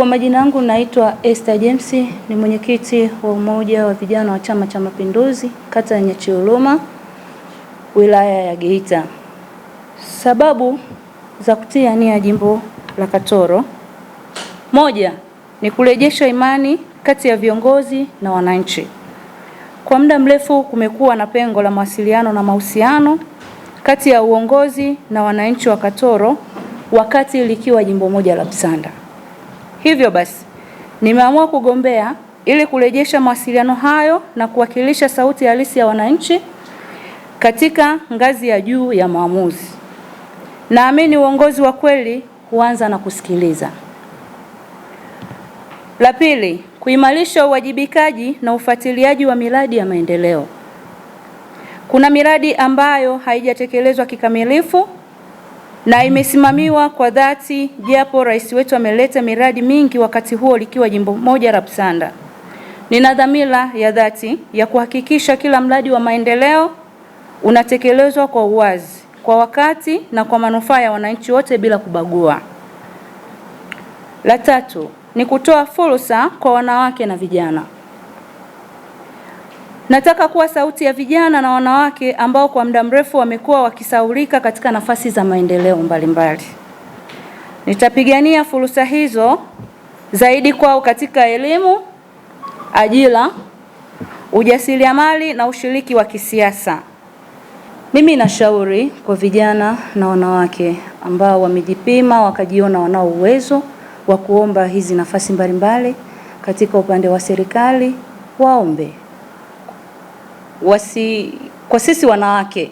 Kwa majina yangu naitwa Esther James, ni mwenyekiti wa umoja wa vijana wa Chama cha Mapinduzi kata ya Nyachiloma wilaya ya Geita. Sababu za kutia nia jimbo la Katoro, moja ni kurejesha imani kati ya viongozi na wananchi. Kwa muda mrefu kumekuwa na pengo la mawasiliano na mahusiano kati ya uongozi na wananchi wa Katoro wakati likiwa jimbo moja la Msanda. Hivyo basi nimeamua kugombea ili kurejesha mawasiliano hayo na kuwakilisha sauti halisi ya wananchi katika ngazi ya juu ya maamuzi. Naamini uongozi wa kweli huanza na kusikiliza. La pili, kuimarisha uwajibikaji na ufuatiliaji wa miradi ya maendeleo. Kuna miradi ambayo haijatekelezwa kikamilifu na imesimamiwa kwa dhati, japo rais wetu ameleta miradi mingi wakati huo likiwa jimbo moja la Psanda. Nina dhamira ya dhati ya kuhakikisha kila mradi wa maendeleo unatekelezwa kwa uwazi, kwa wakati na kwa manufaa ya wananchi wote bila kubagua. La tatu ni kutoa fursa kwa wanawake na vijana. Nataka kuwa sauti ya vijana na wanawake ambao kwa muda mrefu wamekuwa wakisaulika katika nafasi za maendeleo mbalimbali. Nitapigania fursa hizo zaidi kwao katika elimu, ajira, ujasiriamali na ushiriki wa kisiasa. Mimi nashauri kwa vijana na wanawake ambao wamejipima wakajiona wanao uwezo wa kuomba hizi nafasi mbalimbali katika upande wa serikali, waombe wasi, kwa sisi wanawake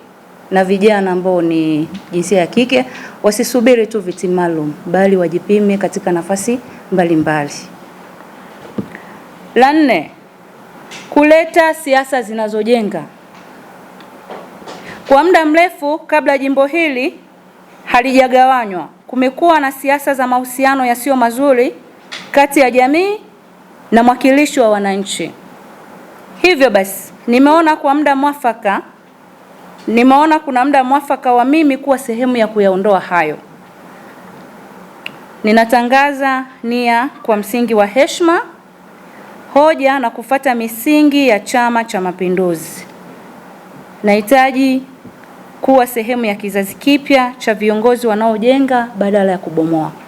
na vijana ambao ni jinsia ya kike wasisubiri tu viti maalum, bali wajipime katika nafasi mbalimbali. La nne, kuleta siasa zinazojenga. Kwa muda mrefu kabla jimbo hili halijagawanywa, kumekuwa na siasa za mahusiano yasiyo mazuri kati ya jamii na mwakilishi wa wananchi. Hivyo basi nimeona kwa muda mwafaka, nimeona kuna muda mwafaka wa mimi kuwa sehemu ya kuyaondoa hayo. Ninatangaza nia kwa msingi wa heshima, hoja na kufata misingi ya Chama cha Mapinduzi. Nahitaji kuwa sehemu ya kizazi kipya cha viongozi wanaojenga badala ya kubomoa.